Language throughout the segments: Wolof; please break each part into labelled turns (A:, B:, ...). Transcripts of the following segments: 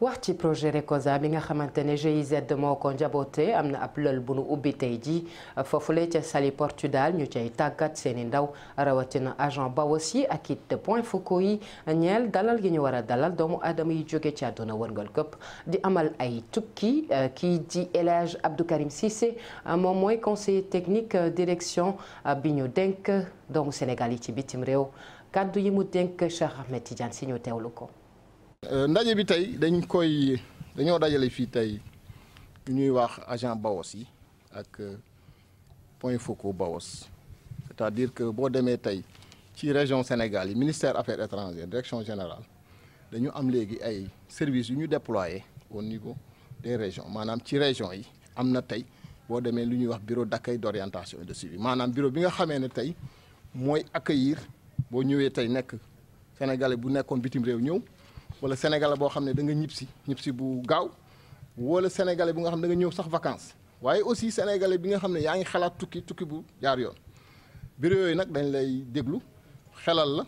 A: wax ci projet RECOSA bi nga xamante ne GIZ moo ko njaboote am na ab lël bu nu ubbi tey jii foofule ca Saly Portudal ñu cay tàggat seeni ndaw rawatina agent Bawos yi ak it point focaux yi ñeel dalal gi ñu war a dalal doomu aadama yi jóge ci àdduna wërngal këpp di amal ay tukki eh, kii di El Hadj Abdou Karim Cissé eh, moom mooy conseil technique eh, direction bi ñu dénk doomu Sénégal yi ci bitim réew kàddu yi mu dénk Cheikh Ahmed Tidiane si ñu teewlu ko.
B: Euh, ndaje bi tey dañ koy dañoo dajale fii tey lu ñuy wax agent BAOS yi ak euh, point focaux BAOS c'est-à-dire que boo demee tey ci région Sénégal yi ministère affaires étrangères direction général dañu am léegi ay services yu ñu déployé au niveau des régions maanaam ci région yi am na tey boo demee lu ñuy wax bureau d'accueil d'orientation et de bi maanaam bureau bi nga xamee ne tey mooy accueillir boo ñëwee tey nekk sénégalais bu nekkoon bitim réew ñëw wala sénégalais boo xam ne da nga ñib si ñib si bu gaaw wala sénégalais bu nga xam ne da nga ñëw sax vacances waaye aussi sénégalais bi nga xam ne yaa ngi xalaat tukki tukki bu jaar yoon biir yooyu nag dañ lay déglu xelal la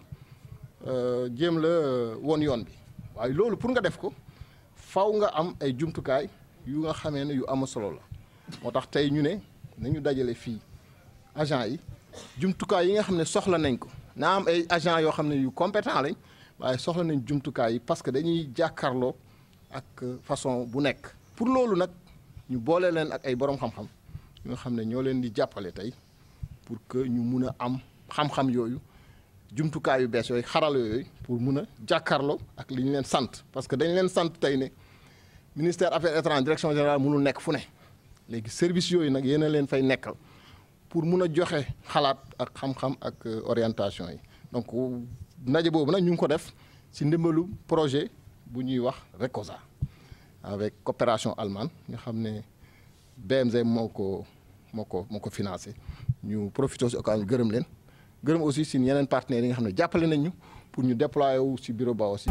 B: euh, jéem la euh, won yoon bi waaye loolu pour nga def ko faw nga am ay jumtukaay yu nga xamee ne yu am solo la moo tax tey ñu ne nañu dajale fii agent yi jumtukaay yi nga xam ne soxla nañ ko naa am ay agent yoo xam ne yu compétent lañ waaye soxla nañ jumtukaay yi parce que dañuy jàkkaarloo ak euh, façon bu nekk. pour loolu nag ñu boole leen ak ay borom xam-xam ñoo xam ne ñoo leen di jàppale tey pour que ñu mun a am xam-xam yooyu jumtukaay yu bees yooyu xarala yooyu pour mun a jàkkaarloo ak li ñu leen sant parce que dañ leen sant tey ne ministère affaire étrangères direction générale munu nekk fu ne léegi service yooyu nag yéen leen fay nekkal pour mun a joxe xalaat ak xam-xam ak euh, orientation yi ndaje boobu nag ñu ngi ko def si ndimbalu projet bu ñuy wax RECOSA avec coopération allemande nga xam ne BMZ moo ko moo ko moo ko financé ñu profité si occasion gërëm leen gërëm aussi si yeneen partenaires yi nga xam ne jàppale nañu pour ñu déployer wu si bureau ba aussi.